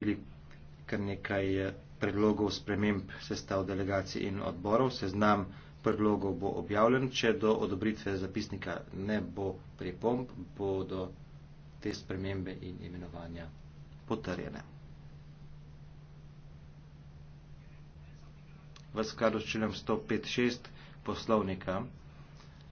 dobili kar nekaj eh, predlogov sprememb sestav delegacij in odborov. Seznam predlogov bo objavljen, če do odobritve zapisnika ne bo pripomb, bodo te spremembe in imenovanja potrjene. V skladu s členom 105.6 poslovnika